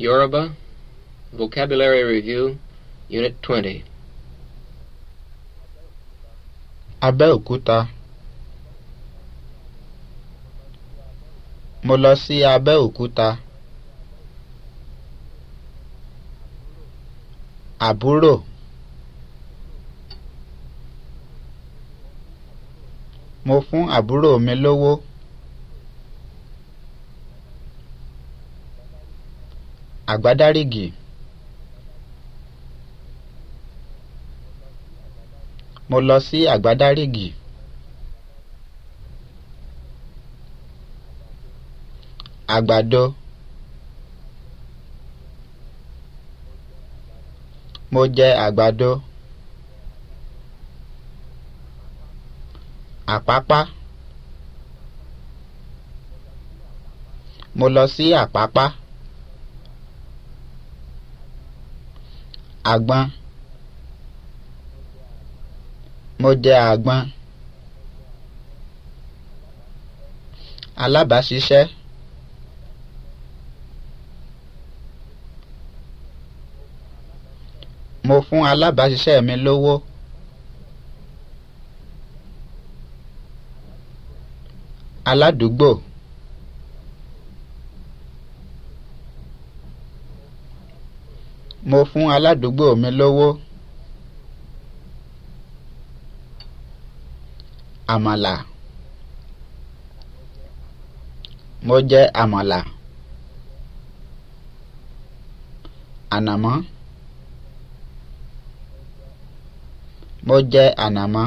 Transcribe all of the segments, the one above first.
Yoruba, Vocabulary Review, Unit 20. Abẹ́òkúta. Mo lọ sí Abẹ́òkúta. Àbúrò. Mo fún àbúrò mi lówó. Àgbádárìgì Mo lọ sí Àgbádárìgì. Àgbàdo Mo jẹ àgbàdo. Àpápá Mo lọ sí Àpápá. àgbọn mo jẹ àgbọn alábàáṣiṣẹ́ mo fún alábàáṣiṣẹ́ mi lówó aládùúgbò. mo fún aládùúgbò mi lówó. àmàlà mo jẹ àmàlà ànàmọ́ mo jẹ ànàmọ́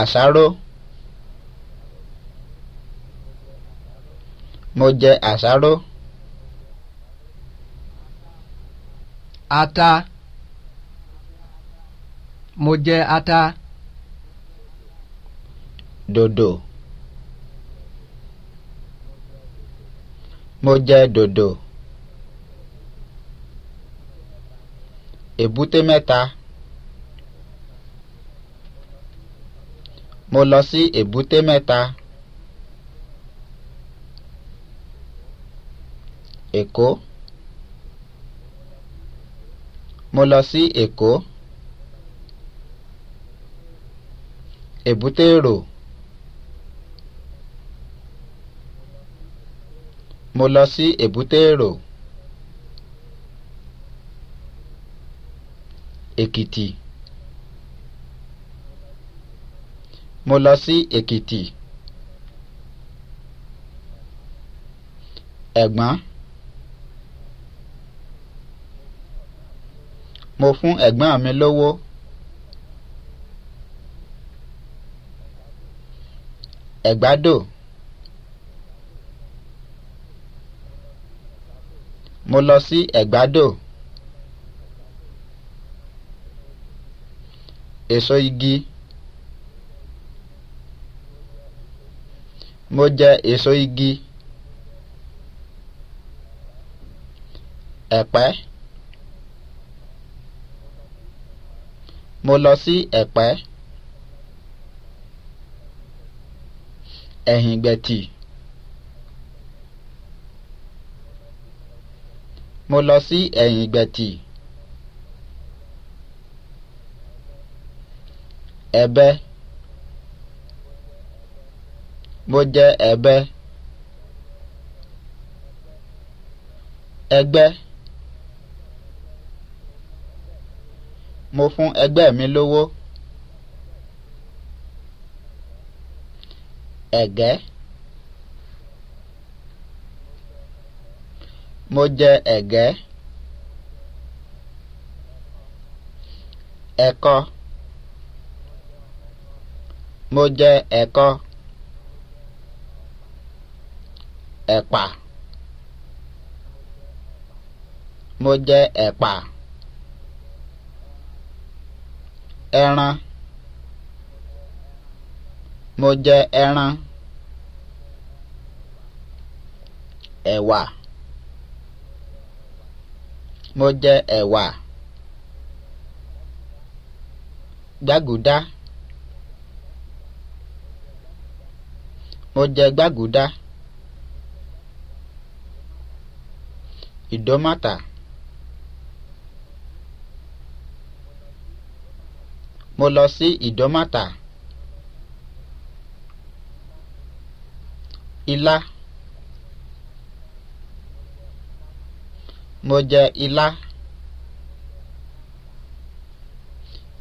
àsáró mo jẹ àsáró. ata mo jẹ ata dodo, mo jẹ dòdò èbúté mẹ́ta mo lọ sí èbúté mẹ́ta. Èkó mo lọ sí èkó èbúté èrò mo lọ sí èbúté èkìtì mo lọ sí èkìtì ẹ̀gbọ́n. E mo fún ẹ̀gbọ́n mi lówó. ẹ̀gbádò mo lọ sí ẹ̀gbádò èso igi mo jẹ èso igi ẹ̀pẹ́. E Mo lọ sí Ẹ̀pẹ́. Ẹ̀hìngbẹ̀tì. Mo lọ sí Ẹ̀hìngbẹ̀tì. Ẹ̀bẹ. Mo jẹ ẹ̀bẹ. Ẹgbẹ́. mo fún ẹgbẹ́ mi lówó. ẹ̀gẹ́ mo jẹ ẹ̀gẹ́ ẹ̀kọ mo jẹ ẹ̀kọ ẹ̀pà mo jẹ ẹ̀pà. ẹran mo jẹ ẹran ẹ̀wà mo jẹ ẹ̀wà gbágùdá mo jẹ gbágùdá ìdómátà. mo lọ sí ìdómátà ilá mo jẹ ilá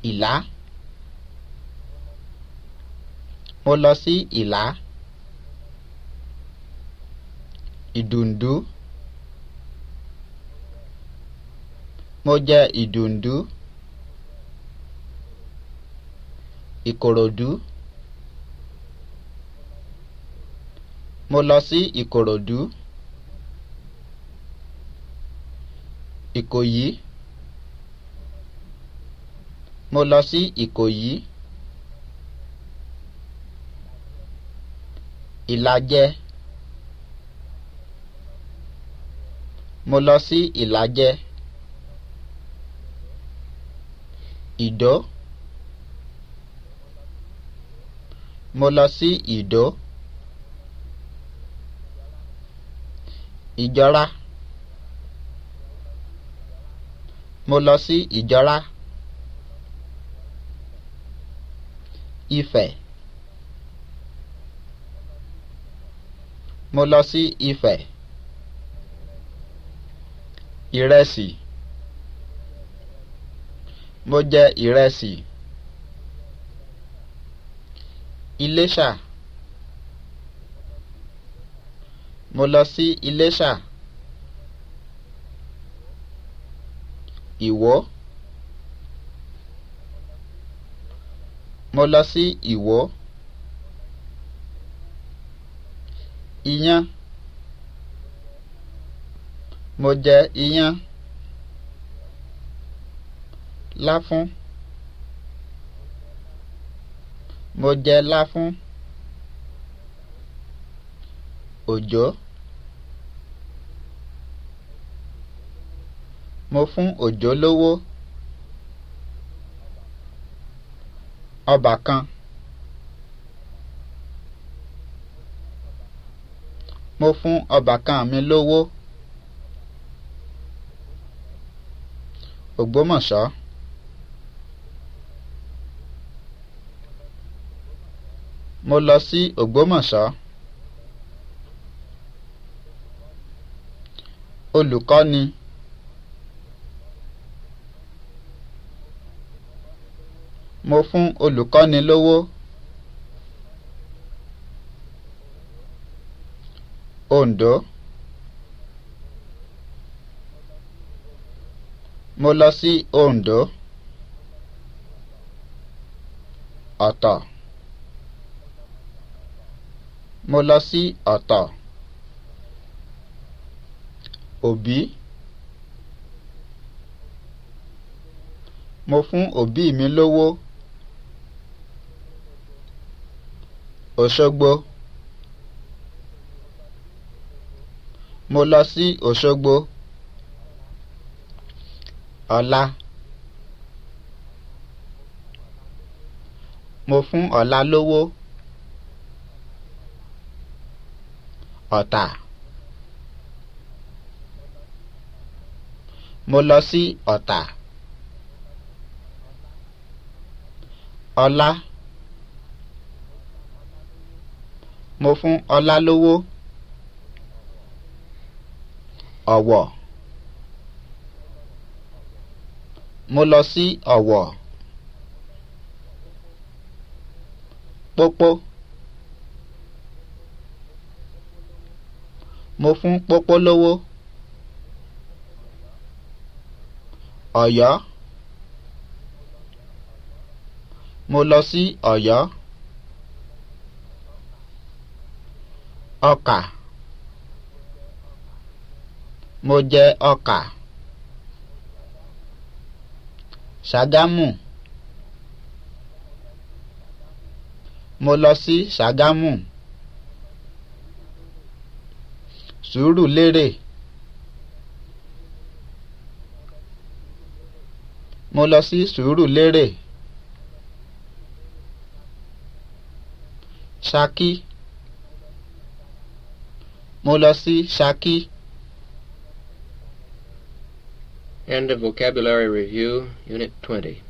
ìlá mo lọ sí ìlá ìdùndú mo jẹ ìdùndú. ìkòròdú mo lọ sí ìkòròdú ìkòyí mo lọ sí ìkòyí ìlàjẹ mo lọ sí ìlàjẹ ìdó. mo lọ sí ìdó ìjọra mo lọ sí ìjọra ifẹ̀ mo lọ sí ifẹ̀ ìrẹsì mo jẹ ìrẹsì. Iléṣà mo lọ sí Iléṣà Ìwó mo lọ sí Ìwó iyán mo jẹ iyán láfún. mo jẹ láfún òjó mo fún òjó lówó ọbàkan mo fún ọbàkan mi lówó Ògbómọ̀ṣọ́. mo lọ sí Ògbómọ̀ṣọ́ olùkọ́ni mo fún olùkọ́ni lówó Oǹdó mo lọ sí Oǹdó ọ̀tọ̀ mo lọ sí ọ̀tọ̀ òbí mo fún òbí mi lówó Òṣogbo mo lọ sí Òṣogbo ọ̀la mo fún ọ̀la lówó. ọ̀tà. mo lọ sí ọ̀tà. ọlá. mo fún ọlá lówó. ọ̀wọ̀. mo lọ sí ọ̀wọ̀. pópó. mo fún pọ́pọ́ lówó ọ̀yọ́ mo lọ sí ọ̀yọ́ ọkà mo jẹ ọkà ṣàgámù mo lọ sí ṣàgámù. sùúrù lérè mo lọ sí Shaki. lérè Ṣakí End of vocabulary review, Unit 20.